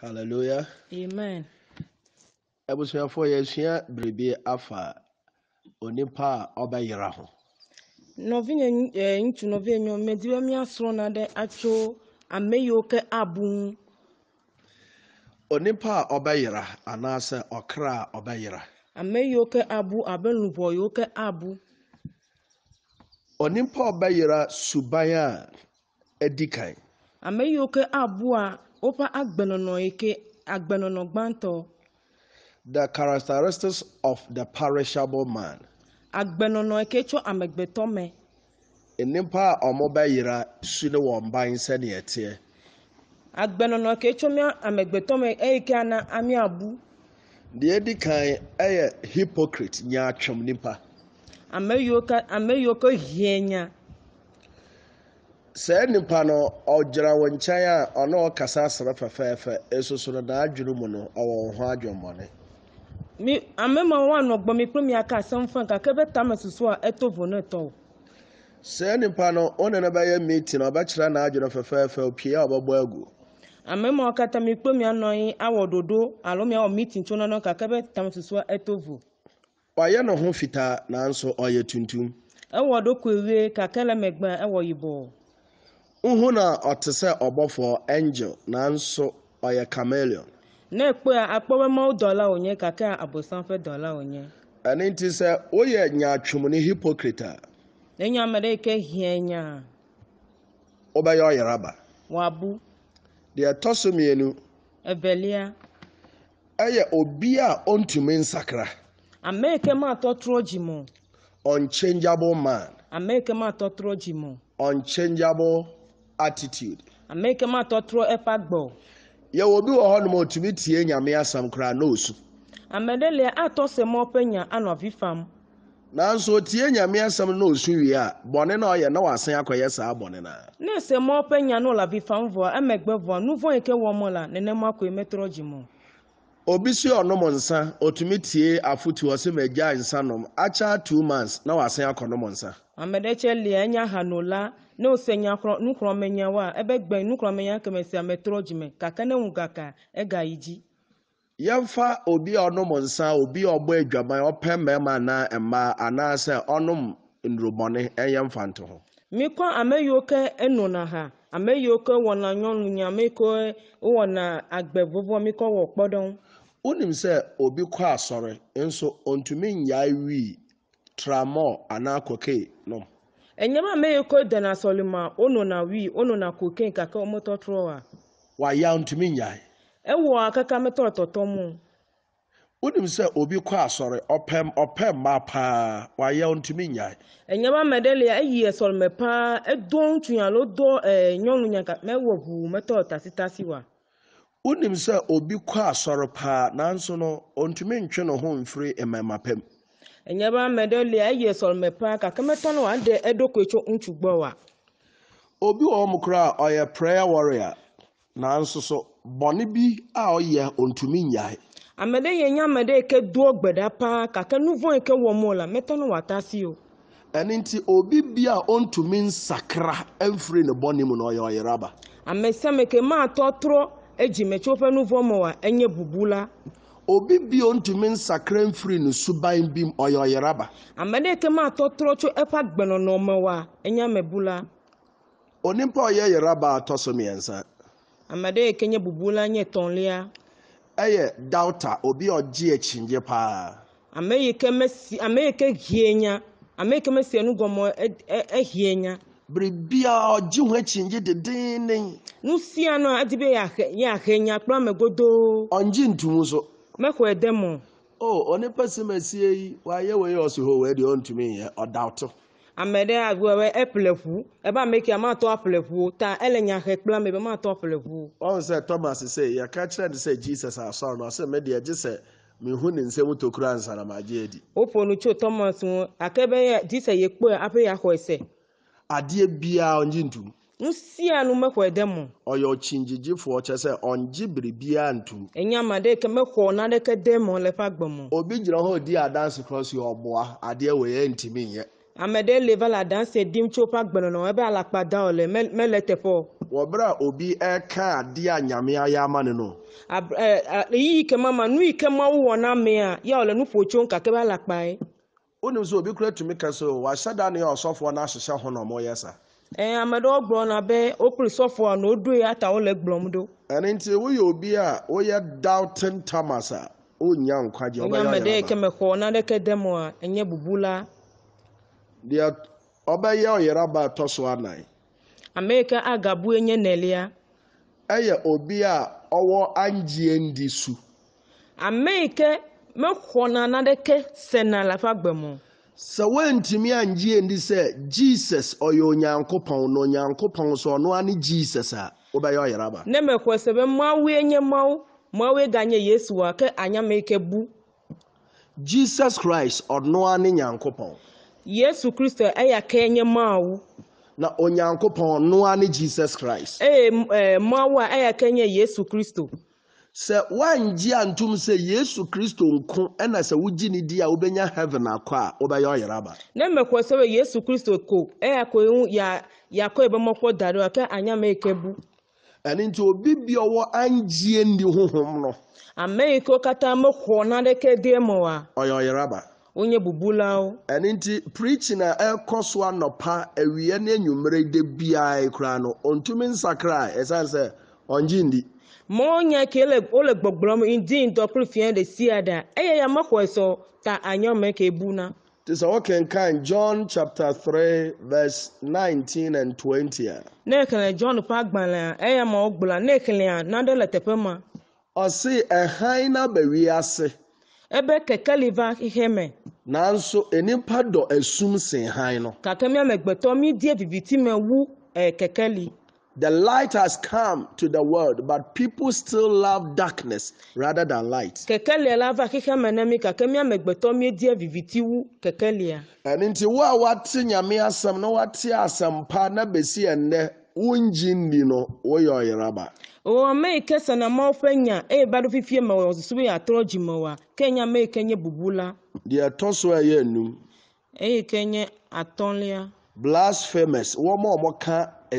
halleluya abusuafoɔ yɛasua biribi afa onipa a ɔbɛyera ho nɔvi nye ɛɛ ŋutsu nɔvi nye nyɔnu mɛ diwɛ miasrɔ̃na ɖe atso ame yiwo ke abu onipa a ɔbɛyera anaasɛ ɔkra a ɔbɛyera. ame yiwo ke abu abe luʋɔ yiwo ke abu. onipa a ɔbɛyera suban a edi kan. ame yiwo ke abua woƒe agbenɔnɔ yi ke agbenɔnɔ gbãtɔ. The characteristics of the perishable man. Agbenɔnɔ yi ke tso amegbetɔ me. E nipa a wɔbɛyera su ne wɔn ban sɛnea ɛteɛ. Agbenɔnɔ yi ke tso mia amegbetɔ me eyi ke ana amiabu. Deɛ edi kan yɛ hypocrite nipa. Ame yiwo ke ame yiwo ke nya. saa nipa no ɔgyina wɔn nkyɛn a ɔne ɔkasa asɛm fɛfɛɛfɛ no mu no ɔwɔ wɔn ho adwemmɔne. mi amema mi asɛm bɛ a ɛtɔ ne nipa no bɛyɛ na ɔbɛkyerɛ n'adwene fɛfɛɛfɛ opie a ɔbɛbɔ agu. amema wɔn kata mi kple mi anɔ yi awɔ dodo alo mi awɔ meeting tso k'aka bɛ tame a ɛtɔ fitaa nanso ɔyɛ tuntum. na ọtịsị ọgbọfọ angel na nso ọyẹ chameleon. n'ekpe a akpọwemọwụ dọla onye kake abosanfẹ dọla onye. ẹni ti sẹ ó yẹ nyàtwom ní hipokrita. Enyo amere eke hie nya. ó bẹ yọ ọyẹraba. wàbú. deɛ ɛtɔ so mmienu. ɛbɛlia. ɛyɛ obi a ɔntumi nsakra. amerika ma atɔ toro gyi mu. unchangeable man. amerika ma atɔ toro gyi mu. unchangeable. attitude ameke ma tɔtrɔ ɛfa gbɔ bi obi wɔ nom ɔtumi tie nyame asɛm koraa nosu. osu ame ɖe lia atɔ sɛmɔ ƒe nya anọ avi nanso tie nyame asɛm nosu wie a bɔne na ɔyɛ na wasen akɔyɛ saa bɔne na ne sɛmɔ ƒe nya n'ụlọ le avi emegbe vɔa nu nke yi ke wɔm la nenema koe metrɔ dzi obi si ɔnom nsa otumi tie afotu ɔsɛ ma gya nsa nom akyɛ two months na wasan akɔ nom nsa. amedekye lia enya hanola ne wa ebe gbɛn nukurɔmenya kɛmɛsi ametoro jime kaka ne ngaka ega yi dzi. obi a nsa obi a ɔbɔ adwaman mmarima mfa na ha agbe wonim sɛ obi kɔ asɔre nso ntumi nyaa wii tramɔl anaa kokain nom ɛnyɛma mɛyɛ kɔ dan asɔre ma ɔno na wii ɔno na kokain kaka ɔmɔtɔtorɔ a waya ntumi nyaa ɛwɔ akaka mɛtɔtɔtɔ mu wonim sɛ obi kɔ asɔre ɔpɛm ɔpɛm ma paa wayɛ ntumi nyaa ɛnyɛma mɛdɛlea ɛyi ɛsɔre mɛ paa ɛdɔn tuyalo dɔ ɛɛ nyɔnu nyaka mɛwɔ huu mɛtɔ tasitasi wa wonim sɛ obi kɔ asɔre paa nanso no ɔntumi ntwe ne ho mfiri mmɛma pɛm ɛnyɛba mɛdɛli a ɛyɛ sɔrɔmɛ paa kakamɛtɔ no wadɛ ɛdɔkɔtwo ntugbɔ wa obi wɔ mu koraa ɔyɛ prayer warrior nanso so bɔne bi a ɔyɛ ɔntumi nyae amɛdɛ yɛ nya amɛdɛ yɛ kɛ duo gbɛda paa kakɛ nuvɔn yɛ kɛ wɔ mu la mɛtɔ no wata si o ɛne nti obi bi a ɔntumi nsakra ɛmfiri ne bɔne mu na ɔyɛ ɔyeraba amɛsɛmɛ kɛ maa tɔ torɔ edzimetsoƒe nuvɔme wa enye bubu obi bio ntumi nsakra mfiri ne suban bi ɔyɛ ɔyɛraba ame ɖe ke matɔtrɔ tso eƒe agbenɔnɔ me wa enye amebula onipa ɔyɛ yɛraba atọ so mmiɛnsa ame ɖe nye bubula nye tɔlia ɛyɛ dauta obi ɔgye akyingye paa ame yi ke mesi ame yi ke hie nya yi ke mesi enugɔmɔ ehie e, e nya biribi a ɔgye ho akyingye dendennen. nusia no adi bɛ yɛ ahɛnya kura mɛ ɔngye so. mɛkɔ ɛdɛ o onipa si ma yi wayɛ wɔyɛ ɔsi hɔ deɛ ɔntumi yɛ ɔdawto. ame ɖe agbɔ ɛba meke ta ɛlɛ nyahɛ ɔn sɛ thomas sɛ kyerɛ ne sɛ jesus no ɔsɛ gye sɛ ne nsɛm tokura nsanamagye adi. thomas adeɛ biara ɔngye ntum nsia no mɛkɔ ɛdɛm ɔyɛ ɔkyingyefoɔ kyɛ sɛ ɔngye biribiara ntum ɛnyama dɛ kɛ mɛkɔ na dɛ kɛ dɛm lɛfa gbɛ mu obi gyina hɔ di adanse korɔ so ɔboa adeɛ wɔ yɛ ntumi nyɛ ame ɖe le va le adanse dim tso ƒe agbenɔnɔ ebe alakpa da o le mele teƒe o. wɔbɛrɛ obi ɛka adi a nyamea ya ma ne no. ɛ ɛ yi yi ma nu yi ke wɔ na mea ya wòle nu ƒo tso nkake be alakpa ye. onim sɛ obi kura tumi ka sɛ wahyɛ da ne ɔsɔfoɔ no ahyehyɛ ho na ɔmɔyɛ sa ame ɖewo gblɔ na be wokpli sɔfoa na wodoe ata wole gblɔm ɖo ɛne nti woyɛ obi a woyɛ Dalton thomas a wonya nkwagye nye ame ɖe yi ke mexɔ naneke de mo a enye bubu la deɛ ɔbɛyɛ ba ɛtɔ so anan ame yi ke agabue nye nelia ɛyɛ obi a ɔwɔ angyie ndi su ame yi mexɔna naneke sena le aƒe agbe me ntumi sɛ woantumi angye ndi sɛ jesus ɔyɛ onyankopɔn na onyankopɔn so ɔno ane jesus a wobɛyɛ ɔyeraba ne mexɔ se be mawoe nye mawu mawue ganye a, ke anyame yi ke bu jesus christ ɔno ane nyankopɔn yesu kristo eya ke nye mawu na onyankopɔn ɔno ane jesus christ eye eh, mawu a eya ke nye yesu kristo sɛ wangye antom sɛ yesu kristo nko ɛna sɛ wogye ne di a wobɛnya heaven akɔ a wobɛyɛ ɔyere aba ne mmɛkɔ sɛ wɛ yesu kristo ko ɛyɛkɔɛhu yɛakɔ yɛbɛmɔkɔ dare ɔka anyama ɛkɛbu ɛno nti obi bi ɔwɔ angyie nni honhom no amɛyika ɔkata mɛhɔ na adɛkɛ deɛ mɔ a ɔyɛ ɔyere aba wonye bubula o. ɛne nti preaching a ɛkɔ so anɔpa awia ne enwumere de biara kura no ontumi nsakra a ɛsan sɛ ɔngye ndi. mɔ nya ke le wole gbɔgblɔm ŋdi ŋdɔ kple fia ɖe sia ɖa eye ya mexɔe sɔ ta anyɔme ke buna. Tisa wokenkan John chapter 3 verse 19 and 20. Ne ekele John ƒe agbalẽa eya ma wogblɔa ne kelea naɖe le teƒe ma. Ɔsi ɛhan na bɛwi ase. Ebe keke li va xixe me. Nanso enipa dɔ esum sen han no. Gake miamegbetɔ mi die viviti me wu ɛɛ eh, keke li. The light has come to the world, but people still love darkness rather than light. Kẹ̀kẹ́ lè la va kíkẹ́ mẹ́ nẹ́mi kàkẹ́ mi àmẹ́gbẹ̀tọ́ mi di ẹ̀vìvìtì wú kẹ̀kẹ́ lè. Ẹni tí wọ́n a wá ti nyàmé asẹ̀m náà wá ti asẹ̀m pa náà bẹ̀sí ẹ̀ nnẹ́ wúnjì nì nọ wọ́n yọ ọ̀yẹ̀rọ̀ba. Wọ́n mẹ́ ike sànà mọ́ fẹ́ nya eye bá dó fífi mọ̀ wọ́n soso bí mọ̀ wá kẹ́nyà mẹ́ ike nye bubu la.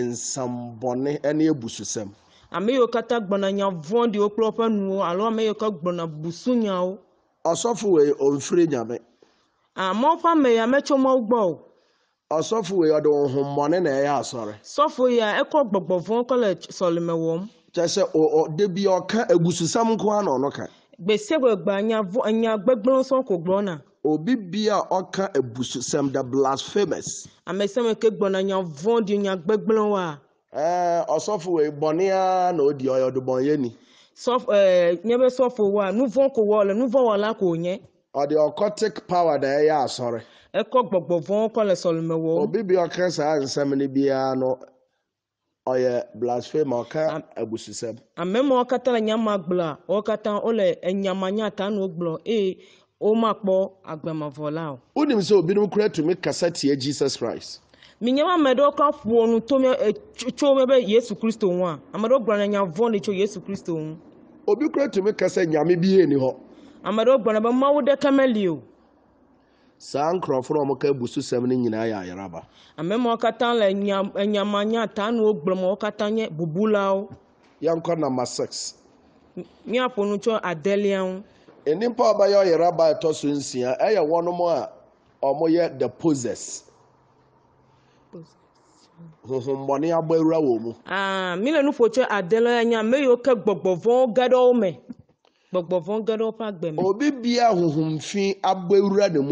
nsambɔne ne ebususɛm. Ame yiwo katã gbɔna nya vɔ ɖiwo kple woƒe nuwo alo ame yiwo ke gbɔna busunyawo. Ɔsɔfo wee omfiri nyame. Amewo ah, ƒe ame ya metso mɔwo gbɔ o. Ɔsɔfo ya ɔde ohumɔne na ɛyɛ asɔre. Sɔfo ya ekɔ gbɔgbɔ vɔ kɔ le sɔlime wɔm. Kyɛ sɛ o o debi ɔka ebususɛm nko ano ɔno ka. Gbese gbegba nya vɔ nya gbegblẽ sɔŋ ko gblɔna. obi bia ɔka ebususɛm the blasphemous. ame sɛ me ke gbɔna nyavɔ di nya gbɛgblẽ wa. ɛɛ ɔsɔfo wei bɔnia na odi ɔyɔ dubɔnyɛ ni. sɔfo ɛɛ nye be sɔfo wa nuvɔ ko wɔ nuvɔ wɔla ko nye. ɔdi occultic power da ɛyɛ asɔre. ɛkɔ gbɔgbɔ vɔn kɔ le sɔlime wɔ. obi bia ɔka saa nsɛm ni bia no ɔyɛ blasphemous ɔka ebususɛm. ame ma wo katã le nyama gblɔa wo katã wole enyamanya ta na wo womakpɔ agbemevɔ la o. wonim sɛ obinom kura tumi kasa tie jesus christ. minyɛma ame ɖewo ka ƒo nu to mɛ tso mɛ bɛ yesu kristo ŋu a ame ɖewo gblɔna nya vɔ ne tso yesu kristo ŋu. obi kura tumi kasa nyame bi yie ni hɔ. ame ɖewo gblɔna be mawu ɖeke meli o. saa nkurɔfoɔ a wɔka abu susɛm no nyinaa yɛ ayaraba. ame ma wo katã le nyamanya ta nuwo gblɔm wo katã nye bubulawo. yankɔ nama six. míaƒo nu tso adelia ŋu. nnipa a ɔbɛyɛ ɔyɛ raba ɛtɔ so nsia ɛyɛ wɔn a wɔyɛ the poses honhommɔne abɔ awura wɔ mu. Ah, mílẹ̀ nu fò tse àdéhùn ẹ̀yà mẹ́yìí kẹ́ gbọ̀gbọ̀vọ́n gẹ́dọ̀ mẹ́ gbọ̀gbọ̀vọ́n gẹ́dọ̀ fà obi bia abɔ mu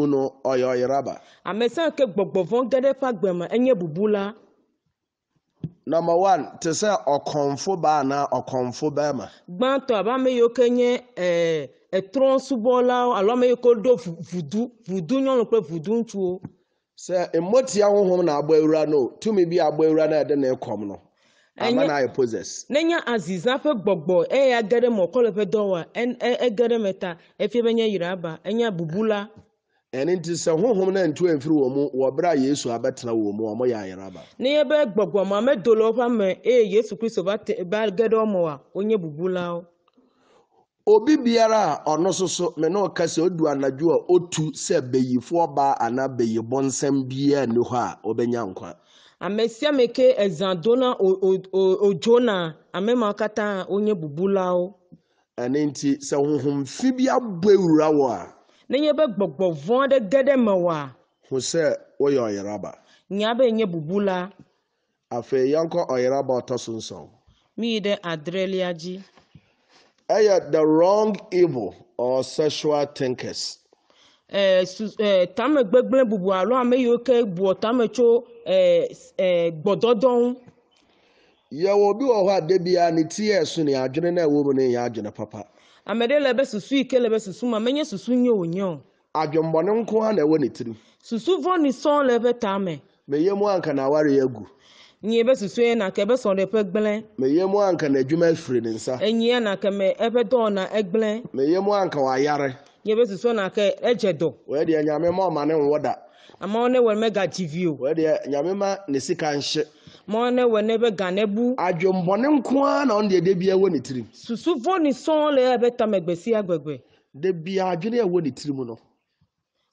no ɔyɛ fà bubu la. etrɔ̃subɔlawo alo ame yiwo do vudu vudu nyɔnu kple vudu ŋutsuwo. sɛ mmɔtia honhom na abɔ ewura no tumi bi abɔ ewura na ɛde na ɛkɔm no ama na ayɛ poses Nenya aziza ƒe gbɔgbɔ eya ge ɖe mɔkɔle ƒe dɔwɔa ege ɖe me ta efie be nye yira aba enya bubula. ɛne nti sɛ honhom na antu amfiri wɔ mu wɔberɛ a yesu abɛtena wɔ mu ɔmɔ yɛ ayera ba ne yɛbɛ gbɔgbɔ ma medo le woƒe ame eye yesu kristo va ge ɖe wɔmɔa wonye bubulawo obi biara a ɔno soso me ne ɔka sɛ odu anadwo a otu sɛ beyifoɔ baa anaa beyibɔ nsɛm biara ni hɔ a ɔbɛnya nkwa amesiameke ezadona ojona amemakata onye bubulawo. ɛne nti sɛ honhomfi bi abɔ ewura wɔ a. n'enye be gbɔgbɔvɔ aɖe ge ɖe me wɔ a. ho sɛ woyɛ ɔyeraba. nya be bubula. afei yankɔ ɔyeraba ɔtɔ so nsɔn. mi yi ɖe ɛyɛ the wrong evil or sexual thinkers. Eh, eh, tame gbegblẽ bubu alo ame yiwo ke buɔ tame tso gbɔdɔdɔ ŋu. yɛwɔ obi wɔ hɔ a debia ne ti yɛ so ne adwene na ɛwɔ mu ne yɛ adwene papa. ame ɖe le be susu yi ke le be susu ma menye susu nye wònye o. adwembɔne nko ha na ɛwɔ ne tiri. susu vɔ ni sɔŋ le eƒe tame. meye mu anka na awari egu. nyie bɛ susu yɛ nake bɛ sɔn de ƒe gblẽ. meye mu anka na adwuma afiri ne nsa. enyia n'ake kɛmɛ ɛbɛ dɔɔ na ɛgblẽ. E meye mu anka wayare. nyie bɛ susu n'ake edze dɔ. wɛ deɛ nyame ma ɔma ne nwɔ da. amawo ne wɔ ne ga tivi o. wɛ deɛ nyame ma ne sika nhyɛ. mɔ ne wɔ ne bɛ ga ne bu. adwembɔne nkoa na ɔn deɛ de bia wɔ ne tirim. susu fɔ ni sɔn le ɛbɛ tamɛ gbɛsi agbɛgbɛ. de bia adwene ɛwɔ ne tirim no.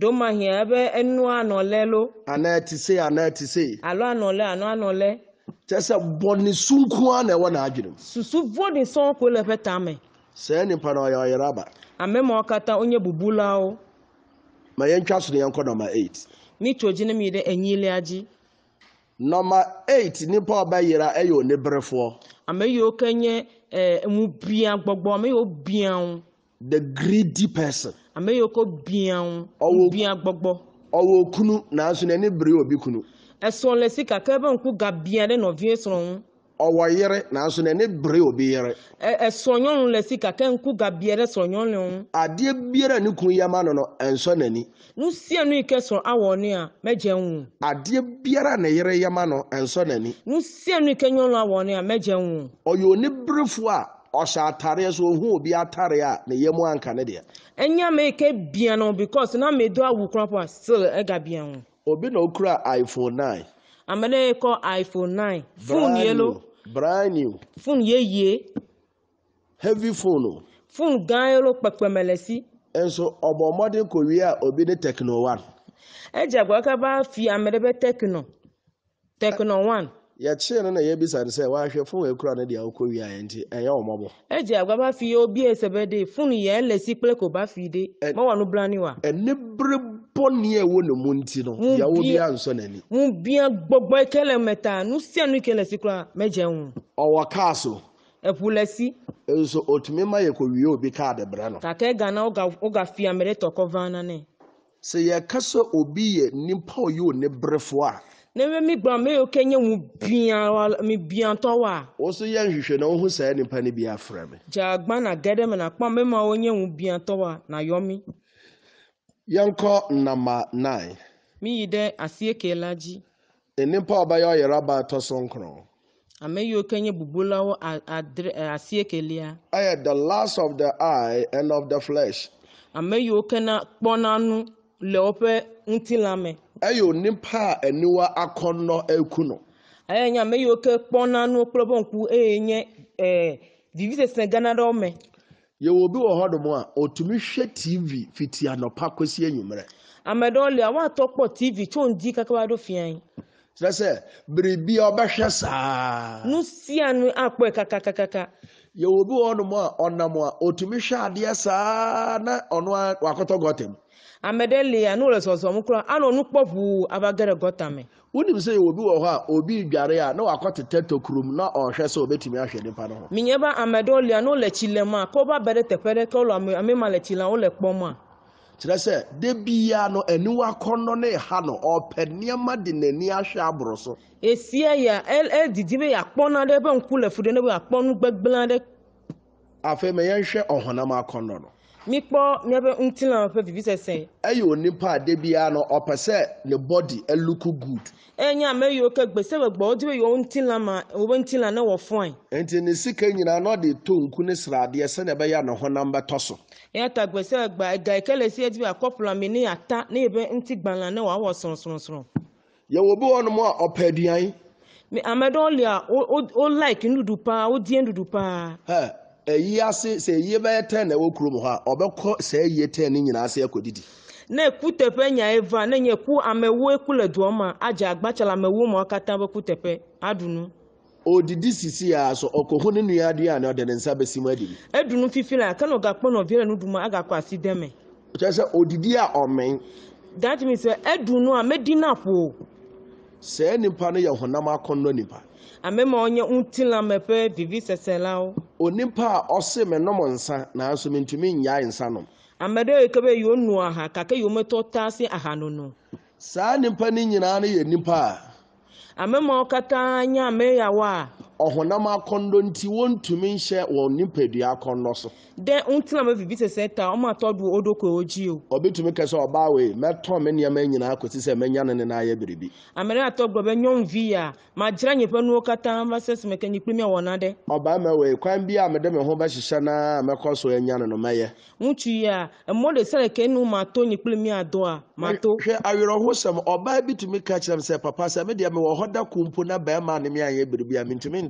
domahia ebe enua anɔlɛ lo. anɛ ti se anọle ti se. alo anɔlɛ ano anɔlɛ. kyɛ sɛ bɔnni sunkun na ɛwɔ n'adwene. susu vo de sɔn ko le ƒe tame. sɛ nipa na ɔyɛ ɔyɛraba. amemawo katã wonye bubulawo. ma yɛn twa so ne yɛn kɔ nɔma eight. mi tso dzi ne mi ɖe enyilia dzi. nɔma eight nipa ɔbɛyira ɛyɛ oniberefoɔ. ame yiwo ke nye ɛɛ eh, ŋu biã gbɔgbɔ ame yiwo biã ŋu. the greedy person. Ameyoko yiwo ko bia ŋu. Ɔwɔ bia gbɔgbɔ. Ɔwɔ kunu nanso obi kunu. Esrɔ̃ le sika ke nkụ ga gabia ɖe nɔvie srɔ̃ nwụ. Ɔwɔ yere nanso n'ani bere obi yere. Esrɔ̃ nyɔnu le sika ke ŋku gabia ɖe srɔ̃ nyɔnu ŋu. Adeɛ biara ne ya ma nɔnɔ nsɔ n'ani. Nu sia nu yi ke srɔ̃ awɔ nea medze ŋu. Adeɛ biara ne yere ya ma nɔ nsɔ n'ani. Nu sia nu yi ke nyɔnu awɔ nea medze ŋu. a ɔhyɛ atareɛ so ohun obi atareɛ a ne iye anka ne deɛ. ɛnyɛ mi ke bia no because na mi do awu kura pa still ɛga bia ho. obi na okura iphone nine. amene iphone nine. phone yɛ brand new. phone yie. heavy phone phone gan yɛ lo si. nso ɔbɔ mɔden a obi one. fi bɛ yɛkyee no na yɛbisa no sɛ wahwɛ fon akura no deɛ wokɔ wie ayɛ nti ɛyɛ wɔ mmɔbɔ ɛgye agbaba fie obi ɛsɛbɛ de fon yɛ ɛlɛsi kple ko ba fie de ma wɔ no bra ne wa ɛne bere bɔneɛ ɛwɔ ne mu nti no yɛwo bia nsɔ n'ani mu bia gbɔgbɔ kɛlɛ mɛta no sia no kɛlɛ si kora mɛgye ho ɔwɔ kaa so ɛpo lɛsi nso otumi ma yɛ wie obi kaa de brɛ no kakɛ gana woga fia mɛde tɔkɔ van na ne sɛ yɛka sɛ obi yɛ nipa ɔyɛ ɔ berefoɔ a na ebe mi gbam me yɛ kenya mu bia wala mi bia tɔ wa. woso yɛ nhwehwɛ na wohu saa nipa ni bi afra mi. jagba na gɛdɛ mi na kpam mɛma wonye mu bia tɔ wa na yɔ mi. yɛnkɔ nama nine. mi yi dɛ asie keela ji. E nipa ɔbɛyɛ ɔyɛrɛ aba tọ so nkorɔ. ame yiwo ke nye bubulawo adre asie I ɛyɛ the last of the eye and of the flesh. ame yiwo ke na kpɔna nu le woƒe ŋutilã me. eye onipa a eniwa akɔnɔ eku no. eye nyame yiwo ke kpɔna nuwo kple eƒe ŋku eye nye ɛɛ e, vivisese gana ɖewo me. yewo bi wɔ hɔ nom a otumi hwɛ tv fiti anɔpa kosi enyimrɛ. ame ɖewo lia woatɔ kpɔ tv tso ŋdi kaka va ɖo fia yi. kyerɛ sɛ biribi a ɔbɛhwɛ saa. nu sia nu akpɔe kakakakaka. yewo bi wɔ hɔ nom a ɔnam a otumi hwɛ adeɛ saa na ɔno a wakɔtɔ gɔtɛm. ame ɖe le anu le zɔzɔm kura anɔ nu kpɔ ʋuu ava ge ɖe gɔta me. wonim sɛ yɛ obi wɔ hɔ a obi dware a na wakɔ tetɛ tokurum na ɔhwɛ sɛ obɛtumi ahwɛ nipa no ho. minyɛ ba ame ɖewo lia n'o le tsi lɛm a k'o ba bɛ ɖe teƒe ɖe k'o ame ame ma le tsi la o le kpɔm a. kyerɛ sɛ de biara no aniwa kɔnɔ ne ha no ɔpɛ nneɛma de n'ani ahwɛ aboro so. esia ya edidi e be yakpɔ na ɖe eƒe ŋku le fu ɖe ne be yakpɔ nu gbegblẽ aɖe. mikpɔ míaƒe ŋutilã ƒe vivisese. eye nipa de bia no ɔpɛ sɛ ne bɔdi eluku gud. enye ame yiwo ke gbese be gbɔ wodi be yewo ŋutilã ma wobe ŋutilã ne wɔ fɔe. nti ne sika nyinaa na ɔde to nku ne sradeɛ sɛnɛ bɛyɛ ne honam bɛtɔ so. eya ta gbese gba ega yi ke le si edi be akɔpla mi ne ata ne yebe ŋutigbalã ne wòawɔ srɔ̀srɔ̀srɔ̀. yewo bi wɔnom a ɔpɛ aduane. ame ɖewo lia wo wo like nuɖuɖu paa wodie nuɖuɖu paa. eyi ase sɛ eyi bɛyɛ ten na ɛwɔ kurom hɔ a ɔbɛkɔ saa eyi ten ne nyinaa ase akɔdidi. na eku teƒe nya eva ne nye ku amewo eku le doa ma adze agbatsala amewo ma katã be ku teƒe aɖunu. odidi sisi ya so ɔkɔho ne nua aduane ɔde ne nsa bɛsi mu adidi. edunu fifi la kano gakpɔ nɔvi le nuɖuma agakɔ asi dɛmɛ. kyerɛ sɛ odidi a ɔmɛn. that means edunu a medina ƒo. saa nipa no yɛ honam akɔnnɔ nipa amema onye ntilame pɛ vivi sɛsɛlawo onipa a ɔse me nom nsa nanso mentumi nnyae nsa nom ame ɖe yi ke be yewo nu aha gake yewometɔ ta si ahanono saa nipa no nyinaa no yɛ nipa a amemawo katã nye ame a ɔhonam akɔndɔ nti wɔntumi nhyɛ wɔn nipadua akɔndɔ so. dɛ ntina mɛ bibi sɛsɛ ta ɔmo atɔ do o do ko o ji o. obitumi kɛse ɔbaa wei mɛtɔn me nneɛma nyinaa kò sisɛ mɛnya ne nan ayɛ biribi. amena atɔ gbɔ bɛ nyɔn vi ya ma gyina nyimpa nuwo kata ma sɛ sɛ mɛkɛ nyikpe mi wɔn na dɛ. ɔbaa mɛ wei kwan bi a mɛde me ho bɛhyehyɛ na mɛkɔ so enya ne no mɛyɛ. ŋutsu ya ɛmɔ de sɛ ɛkɛ nu ma to nyikpe mi adɔ a ah, bi tumi ka papa sɛ mi deɛ mi wɔ hɔ da kumpo na bɛrima ne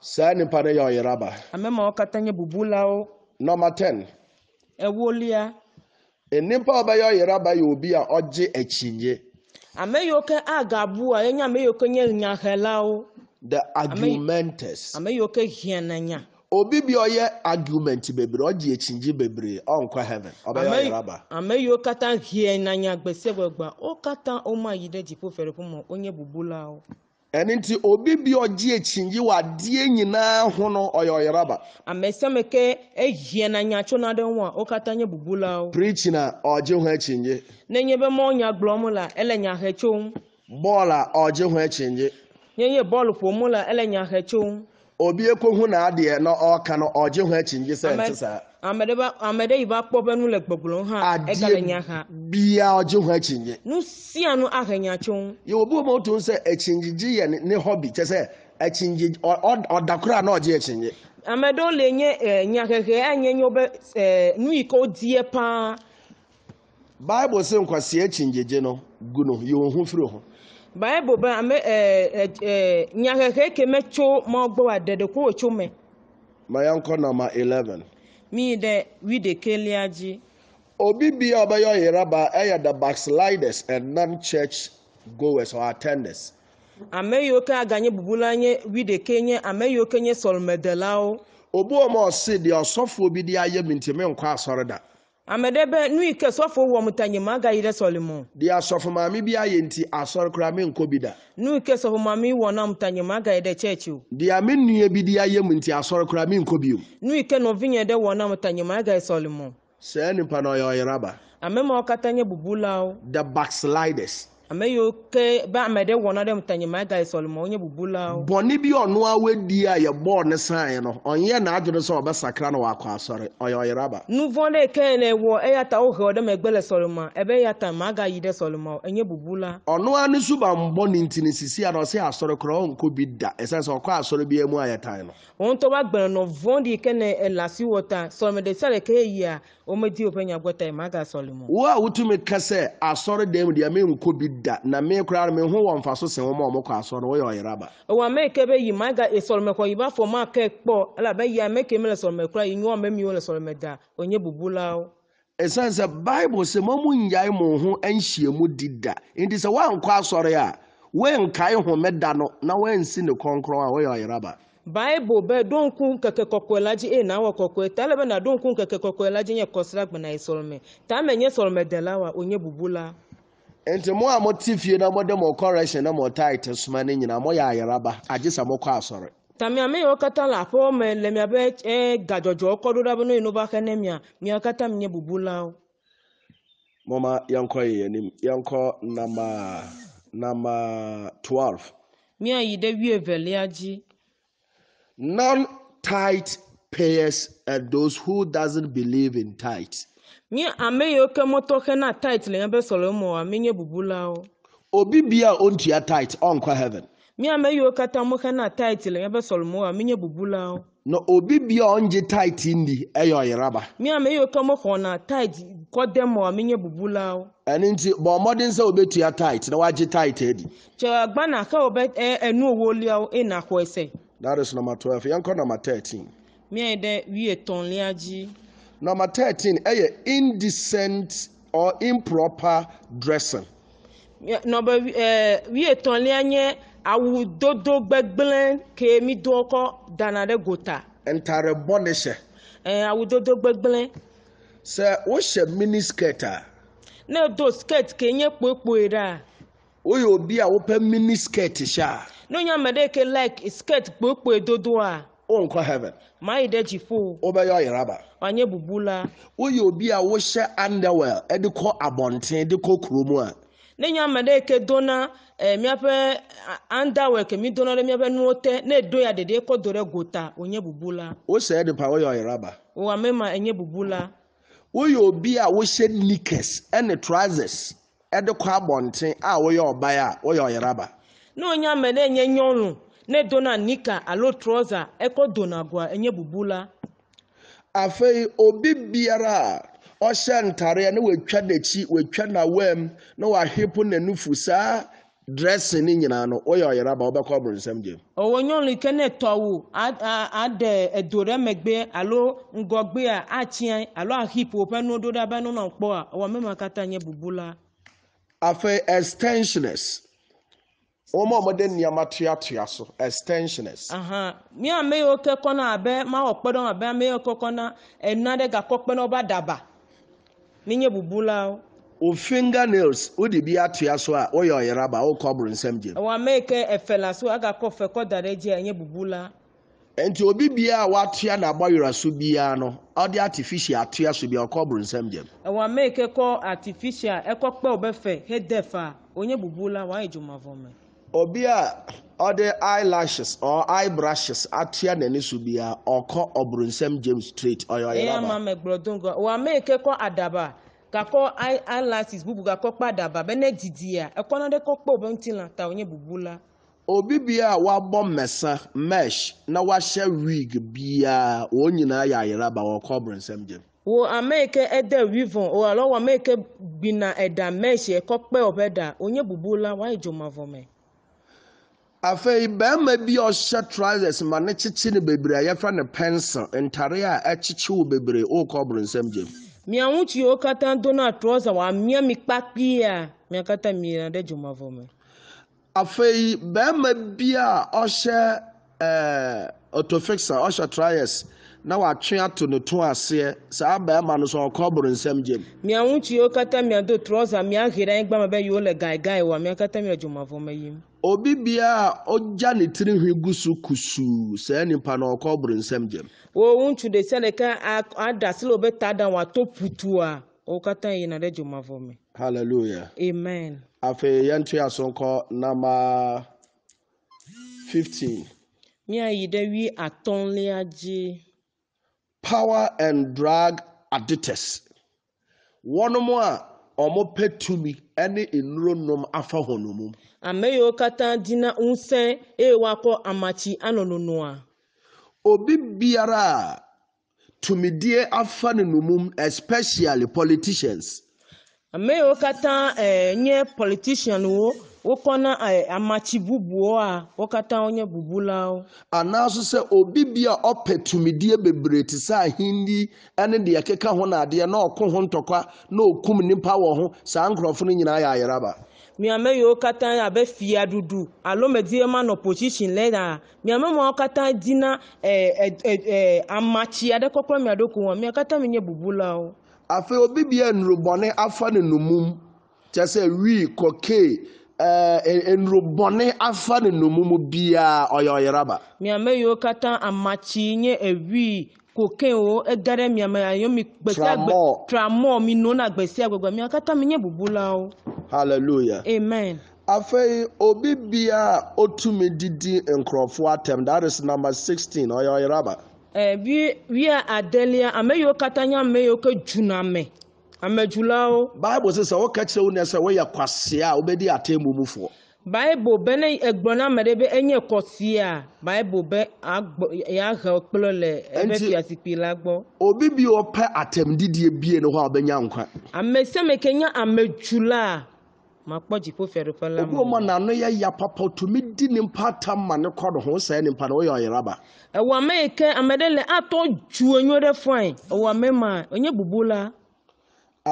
saa nipa ɖe yɔ yi raba. Ame mawo katã nye bubulawo. Nɔma ten. Ewolia. Enipa wo be yɔ yi raba obi a ɔdze etsi nye. Ame yiwo ke agabua enye ame yiwo ke nye nyahelawo. The argumenters. Ame yiwo ke hiãna nya. obi bi ɔyɛ argument bebree ɔgye ekyingye bebree ɔnkɔ heaven ɔbɛyɛ ɔyaraba. ame yiwo katã hie na nyagbese gbagba wo katã wɔn ayi ɖe dziƒo fɛrɛ ƒe mɔ wonye bubulawo. ɛne nti obi bi ɔgye akyinyi wɔ adeɛ nyinaa ho no ɔyɛ ɔyɛraba amesiameke ehie na nyatso na ɖe ŋu a wo katã nye bubulawo preaching a ɔgye ho akyinyi nenye be mɔ nya gblɔm la ele nya he tso ŋu bɔɔl a ɔgye ho akyinyi nenye bɔɔl ƒom la ele nya he tso ŋu obi ekohu na adeɛ na ɔka no ɔgye ho akyinyi sɛ nti saa ame ɖe va ame ɖe yi va kpɔ ƒe nu le gbɔgblɔm hã egale nya ha. bia ɔdzi hɔ etsi nye. nu sia nu ahe nya tso ŋu. yewo bu ma wotu sɛ etsindzidzi yɛ ne hɔbi tɛ sɛ etsindzidzi ɔdakura na ɔdzi etsindzidzi. ame ɖewo le nye ɛ e, nyahehe enye nye wobe ɛ e, nu yi ke wodie paa. bible sɛ nkwasi etsindzidzi no gunu yewo ho firi ho. bible be ame ɛ e, ɛ nyahehe ke me tso mɔ wa ɖeɖe ko wòtso me. mayankɔ nama eleven mi de wi de kelia ji. obi bi a ɔbɛyɛ the backsliders and non-church goers or attenders. ame yiwo ke aganye bubula nye wi ɖeke nye ame yiwo ke nye sɔlmedelawo. obi wɔn a ɔsi deɛ ɔsɔfoɔ bi de mi nti mi nkɔ asɔre da ame ɖe be nu yi ke sɔfo wɔ mu ta nye ma gayi ɖe sɔlime o. di asɔfo maame bi ayɛ nti asɔre kura mi nko bi da. nu yi ke sɔfo maame wɔ ta nye ma gayi ɖe tsɛɛtsi o. di ame nua bi di ayɛ mu nti asɔre kura mi nko bi o. nu yi ke nɔvi nye ɖe wɔ na mu ta nye ma gayi sɔlime o. sɛ nipa na ɔyɛ ɔyɛ raba. ame ma wo katã nye bubulawo. the backsliders. ame yiwo ke be ame ɖe wɔna ɖe ŋutanye ma ega sɔlime wonye bubulawo. bɔnni bi ɔnua wedia yɛ bɔɔl ne san yen nɔ ɔnyɛ n'adzɔ ne sɔn ɔbɛ sakra na wakɔ asɔre ɔyɛ ɔyɛra ba. nuvɔ ɖe ke ne wɔ eya ta wohɛ ɖe megbe le sɔlimɔ ebe ya ta ma ga yi ɖe sɔlimɔ enye bubula. ɔnua ni suba n bɔ ni ntini sisi ya nɔ se asɔre kura ɔnko bi da esan sɛ ɔkɔ asɔre bi emu ayɛ ta da na me koraa me ho wɔ mfa so sen wɔn a wɔkɔ asɔ no wɔyɛ ɔyeraba. wà á mẹ́kẹ́ bẹ́ yìí máa ga ìsọ̀rọ̀mẹ̀kọ yìí bá fọ máa kẹ́ pọ̀ ẹ̀la bẹ́ yìí mẹ́kẹ́ mi lẹ̀ sọ̀rọ̀mẹ̀ kura yìí níwọ̀n mẹ́mi yóò lẹ̀ sọ̀rọ̀mẹ̀ da ònyẹ́ bùbú la o. ɛsiane sɛ bible sɛ mamu nyae mo ho nhyiamu dida nti sɛ woankɔ asɔre a woankae homeda no na woansi ne krɔnkrɔn a woyɛ ɔyeraba bible bɛ donkun kɛkɛ kɔkɔɛ la dzi eh, na wɔ kɔkɔɛ ta bɛ na donkun kɛkɛ kɔkɔɛ la dzi nye kɔsra gbɛna yi sɔrɔmɛ ta mɛ nye sɔrɔmɛdɛla wa o nye bubu la nti mo a mote fie na mode mo correction na mo tight soma no nyinaa moyɛ ayaraba agye sɛ mokɔ asɔre tamia mi yiwo katã le aƒewo me le miabe e gadzɔdzɔwo kɔ ɖo ɖa be ne yi ne wova xe ne mia mia katã mi nye bubulawo. mɔma yankɔ yi yanim yankɔ nama nama twelve. mia yi ɖe wi evelia dzi. non tight payers are those who doesn't believe in tight. nye ame oke ke metɔ na tait le míaƒe sɔleme oa míenye bubulawo obi bia ontua tait ɔnkɔ heaven mí ame yiwo katã na tait le na obi bia ɔngye tait ndi ɛyɛ ɔyeraba mí ame yiwo ke na tait kɔ de mɔ míenye bubulawo ɛno nti sɛ tait na tait e, e na ɛnu ɛna ɛsɛ that is number twelve number thirteen number thirteen ɛyɛ indecent or improper dressing. nọmba ɛɛ wiye tɔnlea nye awu dodo gbɛgblẽ ke mi do kɔ dana ɖe gota. ntare bɔ ne hyɛ. ɛɛ awu dodo gbɛgblẽ. sɛ wohyɛ mini skirt a. ne do skirt ke nye kpokpoe ɖa. woyɛ obi a wopɛ mini skirt hyɛ a. n'o nya ame ɖe ke like skirt kpokpoe dodoa. nkɔ heaven. maa yi dɛ tifo. wobɛyɛ ɔyɛraba. wanyɛ bubula. woyɛ obi a wohyɛ underwear ɛde kɔ abɔnten de kɔ kurom a. ne nya ame ɖe ke dona ɛɛ eh, míaƒe underwear kemi dona ɖe míaƒe nuwo te ne do ya ɖeɖe kɔ do ɖe gota wonye bubula. wosɛ ɛdi pa woyɛ ɔyɛraba. wo ame ma enye bubula. woyɛ obi a wohyɛ knickers ɛne trousers ɛde kɔ abɔnten a woyɛ ɔbaa a woyɛ ɔyɛraba. ne wonya ame ɖe nye nyɔnu. na-edona nika alo trọza ekọ na agwa enye bubu afei obi biara a ɔhyɛ ntareɛ na watwa n'akyi watwa n'awam na wahepo n'anufu saa dressing ne nyinaa no woyɛ ɔyeraba wobɛkɔ abonsɛm gye ɔwɔ nyɔnu ke ne tɔwo aɖe edo ɖe megbe alo ŋgɔgbe a atsiã alo ahipo woƒe nuwo do ɖa be nunɔ kpɔ a ɔwɔ mema katã nye bubu la afei extensioners wɔn a wɔde nneɛma toatoa so extensioners. mi a mi yóò kẹ́kọ̀ọ́ náà abẹ́ máa wọ̀ pẹ́ dọ́wọ́ abẹ́ mi yóò kẹ́kọ̀ọ́ náà ẹ̀nà dẹ́ gakọ́ pẹ́ náà ọba dàbà mi nye la o. o nails o de bi atoa so a o yɛ ɔyɛraba o kɔ so aga da la. nti obi a so no ɔde artificial so ɔkɔ nsɛm kɔ artificial ɛkɔ onye bubu la wa obi a ọ ɔde eyelashes or eyebrushes atua n'ani so bia ɔkɔ ɔbrunsɛm james street ɔyɛ ɔyɛ laba. ɛyà máa mɛ gbɔdɔn gan wà á mɛ eke kɔ adaba kakɔ eyelashes bubu kakɔ kpa adaba bɛ ne didi a ɛkɔ na de kɔ kpɔ bɛ ŋuti la ta onye bubu la. obi bia a wabɔ mmɛsa mesh na wahyɛ wig bia wɔn nyinaa yɛ ayɛlaba wɔkɔ ɔbrunsɛm james. wo ameke ede wivon o alo wa ameke gbina ɛda mesh ɛkɔ e kpɛ ɔbɛ da onye bubu la wa edzomavɔ mɛ. afei barima bi a ɔhyɛ trousers ma ne kyekye no bebree a yɛfrɛ no pencil ntare a ɛkyekye wo bebree wokɔ boro nsɛm gyam miaŋu tsi wo katã dona trɔza wòamia mi kpakpia miakatã miyina ɖe dzomavɔ me. afei bɛrima bi a ɔhyɛ ɛɛ eh, otofixa ɔhyɛ trias na w'atwe ato ne to aseɛ saa bɛrima no so ɔkɔ boro nsɛm gyem. miaŋu tsi wo katã miado trɔza miahe ɖe anyigba me be yewo le gaigai wa miakatã mi le dzomavɔ me yim. obi bia a ɔgya ne tirinwi gu so kusuu saa nipa na ɔkɔ buru nsɛm gyam. ohun tu de sɛde ka ada sila obe ta da wa to putu a ɔkata yi na de joma fɔ mi. hallelujah amen. afei yɛn to yaso nkɔ nama fifteen. mi a yi dɛ wi atɔnlea gye. power and drug addictors wɔn a wɔpɛ tumi. ne nnuro nom afa hɔn mu. ameyiwo katã dina ŋusẽ eye woakɔ amatsi anɔ nonoa. obi biara tumidie afa ne nomum especially politicians. ameyiwo katã ɛɛ eh, nye politician wo. wokɔna amatsi bubuwoa wo katã wonye bubulawo. anaaso sɛ obi bi a ɔpɛ tumidie bebree te sɛ ahinni ne deɛ keka ho naadeɛ na ɔko ho ntɔkwa na okum nipa wɔ ho saa nkurɔfo no nyinaa yɛ ayeraba miame yiwo katã abe dudu alo medie manɔ position le na miame mawo katã dina amatsi aɖe kɔkɔ mia ɖokui wɔ mia katã mi nye bubulawo. afei obi bia nurubɔne afa ne numum kyɛ sɛ wii kɔkee Eh, eh, nnurobɔne afa ne nnommum mu biara ɔyɛ ɔyeraba miame o kata amatsi nye ewi kokain wo ege ɖe miame ayomi mi gbesia gbe tramɔ mi no na gbese gbegbe mia kata mi nye o. hallelujah amen afei obi bia otumi didi nkurɔfoɔ atɛm that is number sixteen ɔyɛ ɔyeraba. ɛɛ eh, wi wi adelia ame yiwo kata nye ame yiwo ke dzuna Amedzulawo. Bible sɛ sɛ woka o wo nua o woyɛ kwasea a wobɛdi atemmu mufoɔ. Bible bɛ ne egblɔ na ame ɖe be enye kɔsia, Bible bɛ agbɔ yeahe kplɔ le ebe fiazikpui la gbɔ. Obi bi a pɛ atɛmdidie bie hɔ a ɔbɛnya nkwa. Ame sia ke nye amedzula, Ma kpɔ Obi wɔ mu a me. n'ano yɛ ya ma ne kɔ do no ame yi ma, bubu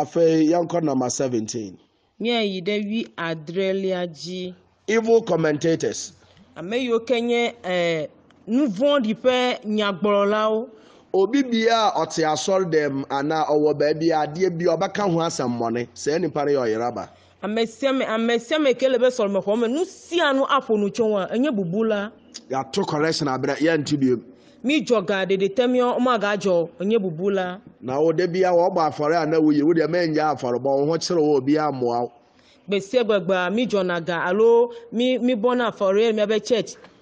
afei yɛnkɔ number 17 mmea yi dɛ wi adrelia gyi evil commentators ame yiwo ke nye ɛɛ eh, nuvɔɖi ƒe nyagbɔlɔlawo obi bia a ɔte asɔre dɛm anaa ɔwɔ baabi adeɛ bi ɔbɛka ho asɛm mmɔne sɛɛ nipa no yɛ ɔyeraba ame sia me ame sia me ke le be sɔrɔmɛxɔme nu sia nu aƒo nu tso wa enye bubu la. yàtò correction abirɛ yɛn ti bi. mi dzɔga ɖeɖete miɔ ma onye bubula la. na wo de bia wɔbɔ afɔre ane wo yi wo de me nya afɔre bɔ wɔn tsirɛ wo bia mɔa. gbèsè gbegbe mi ga alo mi mi bɔna afɔre miabe church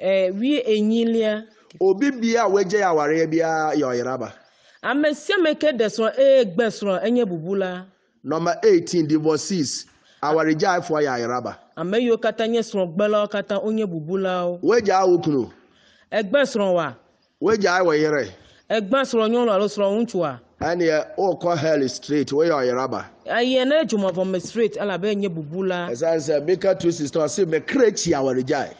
Eh, wi enyilia. obi bia a wagye ya awareɛ biara yɛ ɔyeraba. Ame sia ame ke ɖe srɔ̃ eye eh, gbe srɔ̃ enye bubu la. Nɔmba 18 divorces awaregyaefoɔ yɛ ayeraba. Ame yiwo katã nye srɔ̃gbelawo katã wonye bubulawo. Wagye awo kunu. Egbe eh, srɔ̃ wa. Wagye awɔ yere. Egbe srɔ̃ nyɔnu alo srɔ̃ ŋutsua. ɛneɛ wokɔ hell street woyɛ ɔyeraba ɛyɛ ne dzomavɔme street elabe nye bubu la ɛsiane sɛ meka tu sistema se mekrekyi awaregyae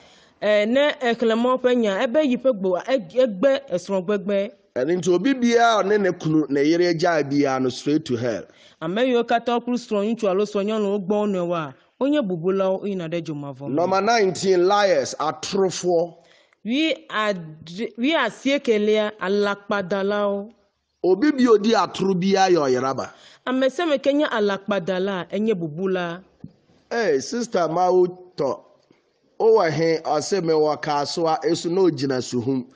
Eh, ne xexlẽmɔ eh, ƒe nya ebe yi ƒe gbo eh, egbe esrɔ̃gbegbe. nti obi biara ne ne kunu ne yere gya biara no straight to hell. ame yiwo katã kuru srɔ̀ ŋutsu alo srɔ̀ nyɔnuwo gbɔ wo nɔewoa wonye bubulawo yina ɖe dzomavɔ. nɔma nineteen liars atorofoɔ. wi adri wi asiekelia alakpadalawo. obi bi odi atoro biara yɛ ɔyaraba. ame sɛmɛ ke nye alakpadala enye bubula. ee hey, sista maawo tɔ. wowɔ he ɔse mewɔ kaasoa ɛso na ogyina suhum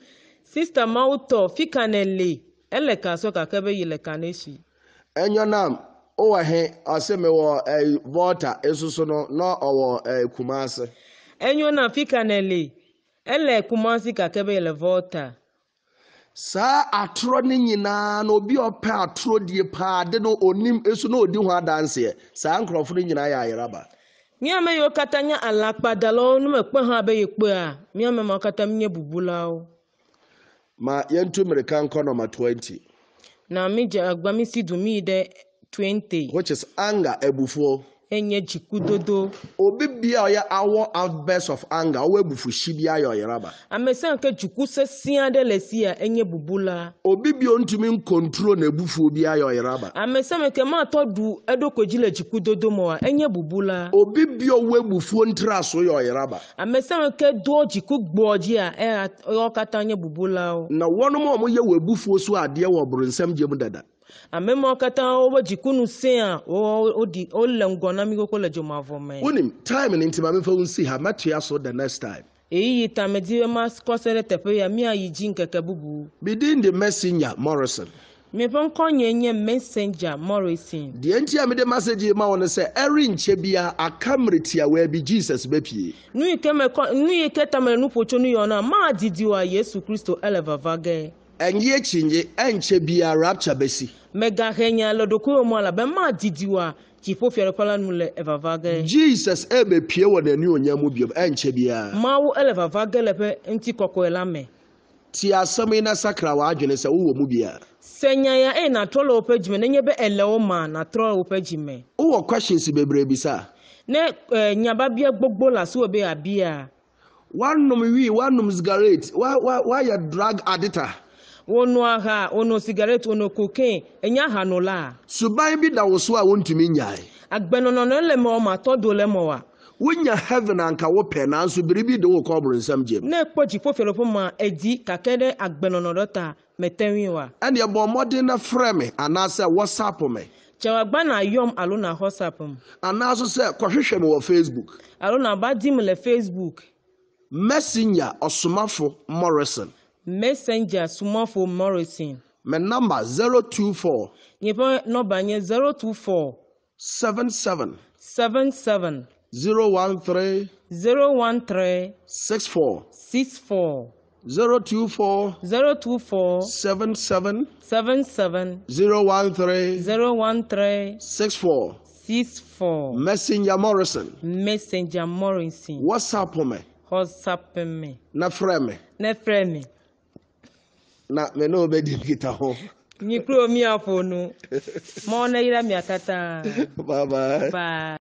sista ma wotɔ fika ne le ɛlɛ kaasoa kaka bɛyi lɛ ka ne hyi ɛnyɔnam wowɔ he ɔse mewɔ ɛyi bɔɔta ɛso so no na ɔwɔ ɛyi kumase ɛnyɔnam fika ne le ɛlɛ kumase kaka bɛyi lɛ bɔɔta saa atorɔ no nyinaa na obi ɔpɛ atorɔ die paa de no onim ɛso na odi ho adanseɛ saa nkurɔfo no nyinaa yɛ ayeraba míame yiwo katã nye alakpadalawo nu mekpe hã be yekpea míame mawo katã nye bubulawo ma yɛntu mmirika nkɔ nɔma twenty. na migye agba si du mii dɛ 20 which is anger ebufuo enye dzikudodo. obi bia ɔyɛ awɔ outburst of anger ɔwɔ ebufusi bia yɛ ɔyɛrɛ ba. ame sia ke dziku sesẽ aɖe le si ya enye bubula. obi bia ntumi nkontro na ebufu bia yɛ ɔyɛrɛ ba. ame sia ke ma tɔ du eɖokui dzi le dzikudodo mɔa enye bubula. obi bia ɔwɔ ebufu ntra so yɛ ɔyɛrɛ ba. ame sia ke do dziku gbɔ dzia eya wɔn katã nye o. na wɔn mo a wɔyɛ wɔ ebufu so adeɛ wɔ bronsɛm dzem dada. ame mawo katã wobe dzikunu sea wole ŋgɔ na mi koko le dzomavɔ me wonim time ne nti ma memfa wo nsi ha matua so the next time èyí yìí tàmí dí ẹ máa kọ́ sẹ́rẹ́ tẹ̀pẹ́ yà mí àyè jí nkẹ̀kẹ́ búbu. bidin the messenger morrison. mmepe nkọ yẹn nye messenger morrison. deɛ nti a mede message yi ma wɔn sɛ ɛri nkyɛ bia akamere tiawa bi jesus bɛpie. nu yi kɛmɛ kɔ nu yi kɛtamɛ nu potso nu yɔn na maa didi wa yesu kristo ɛlɛ vava gɛ. ɛnye e akyi e, nye ɛnkyɛ biara rapture bɛsi. mɛgahɛnya lɔdokoro mu alabɛma didiwa tifo fiarepala nu le evava ge. jesus ɛmɛpie wɔ n'ani onyamu biom ɛnkyɛ biara. mawu ɛlɛ vava ge le ƒe ŋutikɔkɔe la me. ti asɛm yi na sakra w'adwene sɛ wowɔ mu biara. sɛnya ya eye natrɔ le woƒe dzime nenye be ele wo ma natrɔ le woƒe dzime. wowɔ questions bebree bisa. ne ɛɛ eh, nyababia gbogbo le asi wo be abia. wanom wi wanom cigarette wa wa wayɛ drug addictor. wonu aha wonu sigaret wonu aha n'ụlọ a suban bi da wo so a wontumi nyae agbenɔnɔnɔ le mɔ ma do mɔ wa wonya heaven anka wopɛ nanso biribi de wo kɔ ɔbronsɛm gyem ne kpɔ ma edi kakɛ ɖe agbenɔnɔ ɖe ta mɛtɛwi wa na frɛ me anaasɛ whatsapp na yɔm alo na whatsapp anaaso sɛ kɔhwehwɛ wɔ messenger sumafo morrison. my number zero two four. nyimpa nọmba nye zero two four. seven seven. seven seven. zero one three. zero one three. six four. six four. zero two four. zero two four. seven seven. seven seven. zero one three. zero one three. six four. six four. messenger morrison. messenger morrison. whatsapp me. whatsapp me. na frɛ me. na frɛ me na mene obɛdi nkita ho nyikuro mi afo no ma ɔna yira mi akata bye bye, bye.